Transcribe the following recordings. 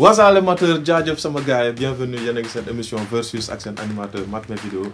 waa Wassale Mateur jaajëf sama gars yi bienvenue yéen a ngi seen émission versus ak seen animateur Makna Vidéo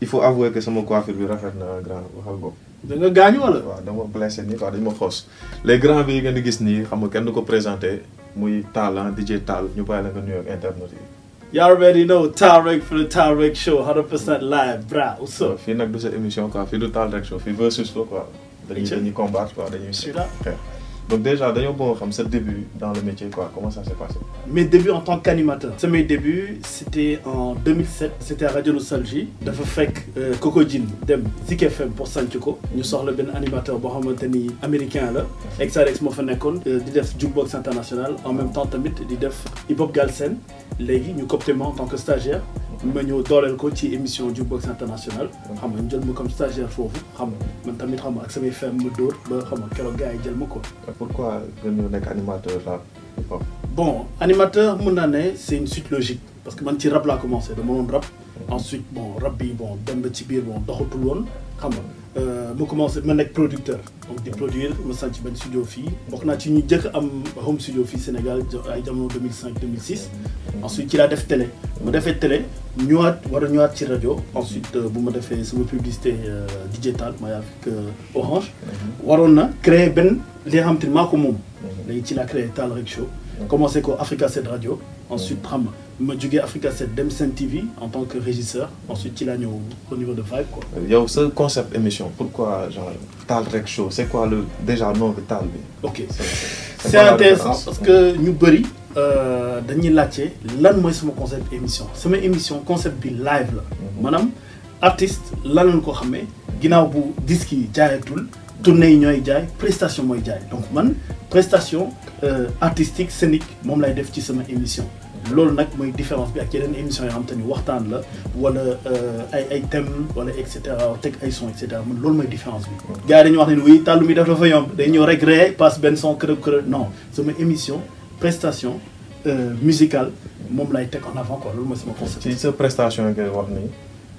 il faut avouer que sama coiffure bi rafet na grand waxal ko. da nga gaañu wala. waaw dama blessé nii quoi dañ ma xoos les grands bi ngeen di gis nii xam nga kenn du ko présenté muy Talla DJ ñu bàyyi la nga nuyoog internet yi. you already know Tallrek for the Tallrek show 100% live bra what's up. fii nag du sa émission quoi fii du Tallrek show fii versus la quoi. dañuy dañuy combattre quoi dañuy donc déjà bon xam ce début dans le métier quoi comment ça s'est passé. mes débuts en tant qu'animateur. c'est mes débuts c'était en 2007 c'était à Radio Nostalgie dafa fek euh, Coco Jean dem Zik FM pour Santiago nous sort le ben animateur américain la alex Moffanekon, fa euh, def jukebox international en même temps tamit di def hip hop galsen légui ñu coopté en tant que stagiaire ma ñëw dooleel ko ci émission box International mm. xam nga jël comme stagiaire foofu xam nga man tamit xam nga ak samay fem ma dóor ba xam gars jël ma ko. pourquoi nga ñëw animateur rap bon animateur mon naa c'est une suite logique parce que man ci rap laa commencé de mon rap. Mm. ensuite bon rap bon dem petit ci bon doxatul woon xam nga euh, ma commencé ma être producteur donc de produire ma sant ci benn studio fii bokk naa ci ñu jëkk am home studio fii Sénégal ay jamono 2005 2006 mm. ensuite il a def télé ma defee télé ñëwaat war a ci ensuite euh, bu ma defee sama publicité euh, digitale, Tall avec euh, Orange mhm. waroon na créer ben li nga xam te ne maa ko moom mhm. léegi ci la créé tal Rek Show mhm. commencé ko Africa 7 radio ensuite xam nga ma Africa 7 dem Sen TV en tant que régisseur ensuite ci laa ñëw au niveau de Vibe quoi yow ce concept émission pourquoi genre tal Rek Show c'est quoi le déjà nom de Tall bi ok c'est intéressant parce que ñu bëri euh, dañuy laajte lan moy sama concept émission sama émission concept bi live la mhm. artiste lan lañ ko xamé ginaaw bu disque jaayatul tournée ñoy jaay prestation moy jaay donc man prestation euh, artistique scénique mom lay def ci sama émission lool nak moy différence bi ak yeneen émission yoo xam waxtaan la wala euh, ay ay thème wala et cetera teg ay son et cetera man lool moy différence bi mhm. gars yi dañu wax ne oui talu mi def fa yomb day ñëw rek passe ben son kërëb kërëb non sama émission prestation euh, musical mom lay tek en avant quoi loolu mooy sama concept. ci sa prestation ngay wax ni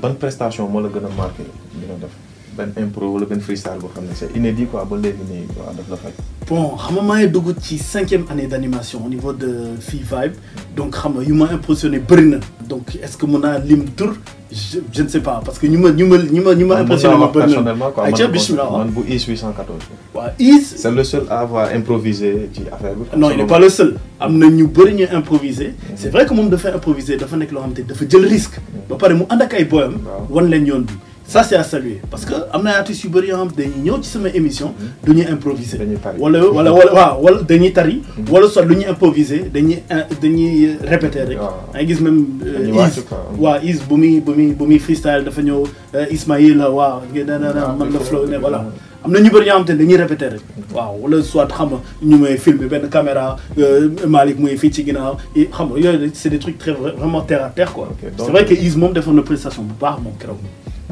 bonne prestation mo la gëna marqué dina def. Ben impro wala ben freestyle bo xamné c'est inédit quoi ba légui nii waaw daf la fay. bon xam nga maa dugg ci cinquième année d'animation au niveau de Fii Vibe donc xam nga yu ma impressionné bëri na. donc est-ce que mona lim tour, je je ne sais pas parce que ñu ma ñu ma ñu ma ñu ma ah, impressionné ma bëri na quoi ah, man man ah. bu IS 814. wa IS. c'est le seul à avoir improvisé ci affaire bi. non il n'est pas le seul. amna ñu bëri ñu improvisé. Mm-hmm. c'est vrai que moom faire improvisé dafa nek lo xam dafa jël risque. Mm-hmm. ba paré mu and ak ay boyam. wan leen yoon bi ça c'est à saluer parce que amna na ay artistes yu bëri yoo ci sama émission hmm. duñuy improviser wala wala wala waaw wala dañuy tari hmm. wala soit lu improviser dañuy euh, dañuy répéter rek ay gis même wa is bumi bumi bu muy bu muy freestyle dafa ñëw euh, Ismaïl na na ah, man la flow ne voilà hmm. amna ñu bëri ñoo te dañuy répéter rek wa wala soit xam ñu may filmer ben caméra euh, malik, muy fi ci ginaaw xam yoy c'est des trucs très vraiment terre à terre quoi c'est vrai que is moom defoon présentation, prestation bu baax moom keroog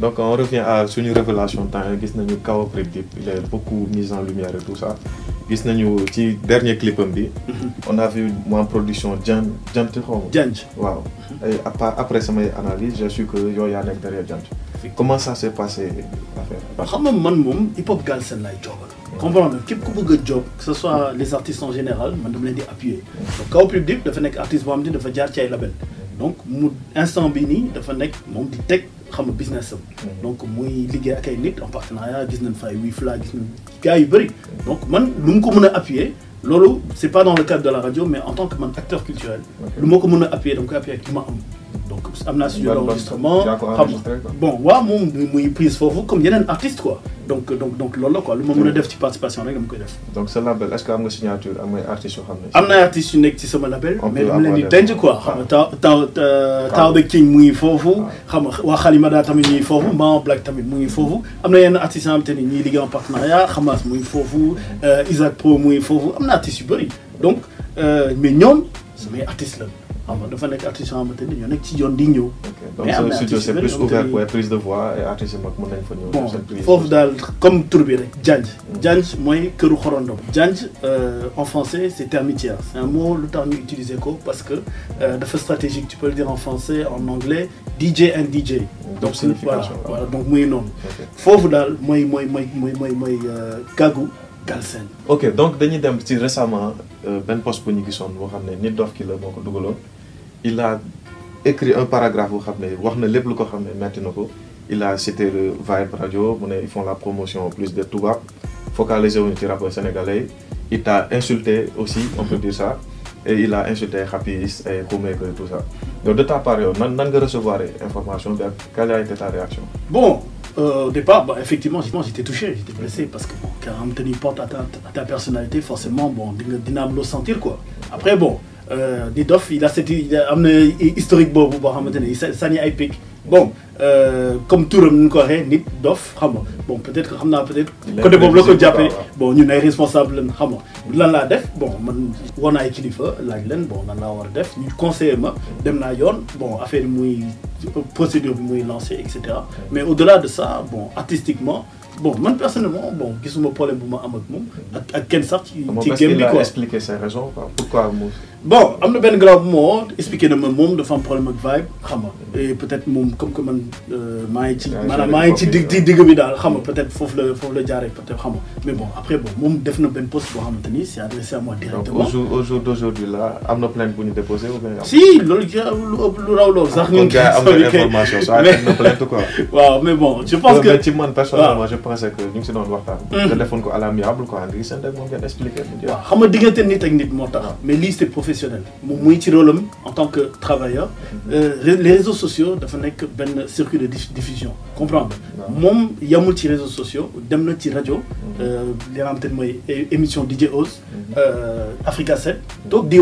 donc on revient à une révélation temps gis nañu chaos public, il est beaucoup mis en lumière et tout ça gis nañu ci dernier clip, mhm. on a vu en production de Djanj. Wow. ma. et après cette analyse je su que yow un nekk derrière Djanj. comment ça s'est passé affaire. Bah, xam nga man moom hip hop Galsen job? job comprendre qui a bëgg job que ce soit les artistes en général je dama appuyé. donc public Predip dafa un artiste qui a de faire jaar label donc mu instant bi nii dafa nekk moom di teg xam nga business am. Mm. donc muy liggéey ak ay nit en partenariat gis nañ fay wii fla gis nañ gars yu bëri. donc man lu mu ko mën a appuyer loolu c' est pas dans le cadre de la radio mais en tant que man acteur culturel. lu ma ko mën a appuyer dama koy appuyer ak ki ma am amna sur l'enregistrement. enregistrement bon wa moom muy prise fofu comme yenen artiste quoi donc donc donc lolo quoi Le moment def ci participation rek dama koy def donc sa label est-ce que am nga signature am nga artiste yoo xam ne artiste yu nekk ci sama label mais dama leen di quoi ah. xam nga taw taw de King mu fofu ah. xam nga waa Xalima daa tamit mu ngi Black tamit mu fofu amna am na yenn artiste yoo xam ni ligue en partenariat Hamas mu ngi mm-hmm. euh, Isaac Pro mu fofu amna artiste na yu donc euh, mais ñom samay artiste la xam nga dafa nekk artiste yoo xamante ni ñoo nekk ci yoon di ñëw. donc am na artiste c'est plus ouvert pour prise de voix et artiste mag mën nañ fa ñëw. bon foofu daal comme tur bi rek. Janj mm. Janj mooy këru xorondom. Janj euh, en français c'est termitière c'est un mot lu tax ñu utiliser ko parce que euh, dafa stratégique tu peux le dire en français en anglais DJ and DJ. Mm, donc voilà voilà donc muy noonu. foofu daal mooy mooy mooy mooy mooy mooy euh, Galsen ok donc dañuy dem ci récemment Ben poste bu ñu gisoon boo xam ne nit dof ki il a écrit un paragraphe boo xam ne wax na lépp lu ko ko il a cité le Vibe Radio ils font la promotion plus de tubaab focalisé wuñu ci rappeurs sénégalais il t'a insulté aussi on peut dire ça et il a insulté Happy et Kouméko et tout ça donc de ta part nan nga recevoir information informations quelle a été ta réaction bon euh, au départ, bah, effectivement, j'étais touché, j'étais blessé parce que quand tu porte à ta, à ta personnalité, forcément, bon, le sentir quoi. Après, bon, euh, Didoff, il a cette il a amené euh, historique il ça n'est a bon euh, comme tout le monde ko nit dof xam bon peut-être que peut-être. côté boobu la ko jàppee bon ñun ay responsable lañ xam nga lan la def bon man wona naa kilifa laaj len bon lan la war def ñu conseiller ma dem na yoon bon affaire muy procédure bi muy lancer et cetera mais au-delà de ça bon artistiquement. bon man personnellement bon gisuma problème bu ma am ak mom ak ak kenn sax. ci game bi quoi expliquer ses raisons pourquoi bon y a grand expliquer na problème avec vibe et peut-être comme que man euh, maa ci maanaam ngi peut-être qu'il la le dire, peut-être mais bon après bon def poste c'est adressé à moi directement au là plainte si lu raw sax information plainte mais bon je pense que je pensais que ñu hmm. Je téléphone à l'amiable quoi professionnel Je en tant que travailleur mhm. euh, les réseaux sociaux sont un circuit de diffusion comprendre y a des réseaux sociaux dem na ci mhm. euh, émissions DJ mhm. euh, Africa 7 donc di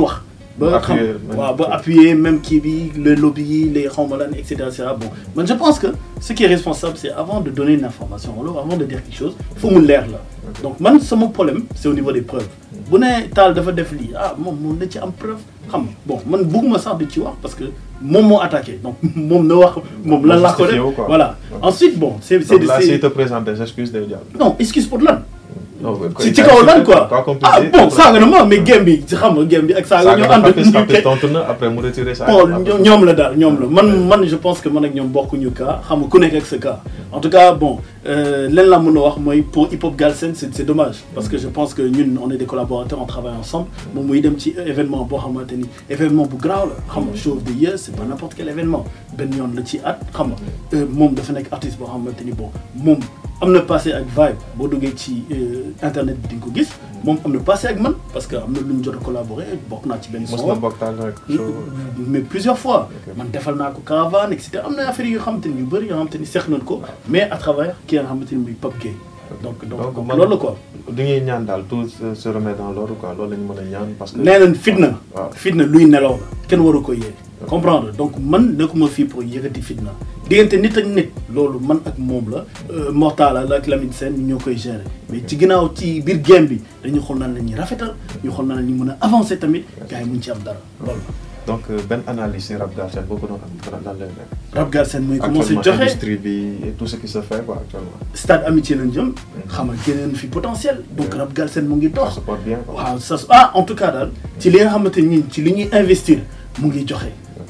appuyer même Kibi, le lobby les rangs etc. bon je pense que ce qui est responsable c'est avant de donner une information avant de dire quelque chose il faut l'air l'air là donc mon mon problème c'est au niveau des preuves Si tu as dafa def ah mon, ci preuve bon je ne peux pas ci wax parce que je suis attaqué donc je ne wax pas la la voilà ensuite bon c'est... là c'est te présenter, des excuses non excuse pour l'homme c'est kaw lan quoi ah bon mais na c'est mais gambi bi ça xam nga gem bi ak saaga après, ànd ñu ça. bon ñoom la daal ñoom la man man je pense que man ak ñoom bokkuñu cas xam nga ku ak cas en tout cas bon euh, leen la mën moi wax pour hip hop Galsen c'est c'est dommage parce que je pense que nous on est des collaborateurs on travaille ensemble Bon, muy dem ci événement boo xamante ni événement bu graaw la xam nga show de year c'est pas n'importe quel événement ben yoon la ci at xam moi euh, moom dafa nekk artiste boo xamante bon moi am passé ak vibe bo duggee ci euh, internet bi di nga ko gis moom am passé ak man parce que am na lu ñu jot a collaboré bokk naa ci benn son mais plusieurs fois man defal naa ko caravane et cetera am affaire yu xamante ni yu bëri yu xamante ni seex nañ ko ah. mais à travers ki nga xamante ni muy Pape Gueye donc donc loolu quoi. du ñuy ñaan dal tout se remet dans l'ordre quoi loolu la mëna ñaan parce que. nee fitna. fitna luy nelaw ken waru ko yee comprendre donc man nekuma fi pour yëkkati fitna diggante nit ak nit loolu man ak moom la euh, Mortalla la ak Lamine sen ñoo koy gérer mais ci ginnaaw ci biir game bi dañu xol naan la rafetal ñu xol naan la ñu mën a avancer tamit gars yi mun ci am dara loolu donc ben analyse si rap garsen boo ko doon dara lan lay nekk. rap garsen mooy commencé joxe industrie bi et tout ce qui se fait quoi actuellement. stade amitié lañ jëm. Mm. xamal geneen fi potentiel. donc rap garsen mu ngi dox. ça porte bien quoi waaw ça ah en tout cas daal. ci li nga xamante ni ci li ñuy investir mu ngi joxe.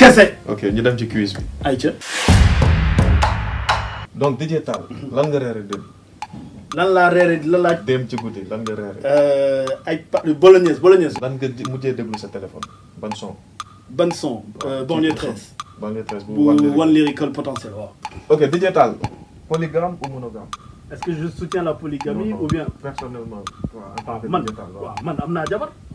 kese. ok ñu dem ci quiz bi. ayca. donc Didier Tall. lan nga reere dem. lan laa reere la laaj. dem ci guddi lan nga reere. Euh, ay pa bolognaise bolognaise. lan nga mujjee déglu sa téléphone ban son. ban son euh, banlieue 13. banlieue 13 bu One Lyrical Potentiel waaw. ok Didier Tal. polygame ou monogame. est-ce que je soutiens la polygamie ou bien. personnellement toi, en tant que Didier Tal. waaw man waaw man am naa jabar.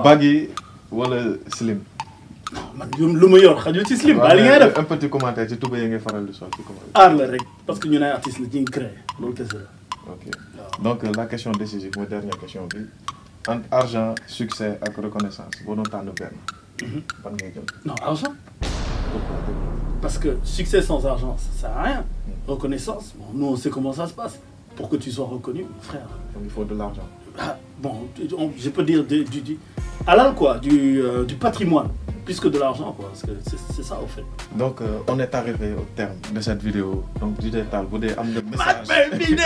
baggy wala slim. man luma yor ci slim. bal ngay un petit commentaire ci tuba yi ngay faral di sol ci commentaire. parce que nous ay artistes la qui crée. donc euh, la question décisive mon dernière question entre argent succès et reconnaissance boo doon tànn mhm. non argent. Parce que succès sans argent, ça sert à rien. Mhm. Reconnaissance, nous on sait comment ça se passe. Pour que tu sois reconnu, frère. il faut de l'argent. Ah, bon, je peux dire du, alors quoi, du, euh, du patrimoine, plus que de l'argent, quoi. Parce que c'est ça, au fait. Donc, euh, on est arrivé au terme de cette vidéo. Donc, du détail, vous avez amené message. mes vidéo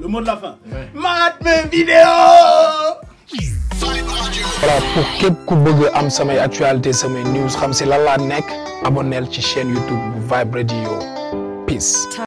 Le mot de la fin. Ouais. vidéo voilà pour vous ku bëgg am samay actualité samay news xam La lan Abonnez-vous à ci chaîne YouTube Vibe Radio peace